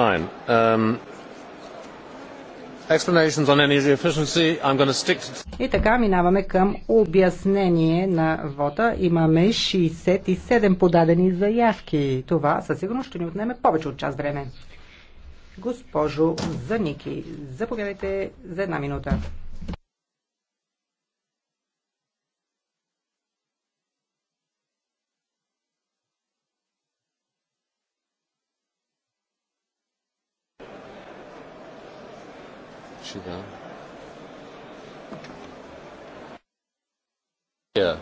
Um, time. И така минаваме към обяснение на вота. Имаме 67 подадени заявки. Това със сигурност ще ни отнеме повече от час време. Госпожо Заники, заповядайте за една минута. Shida. Yeah.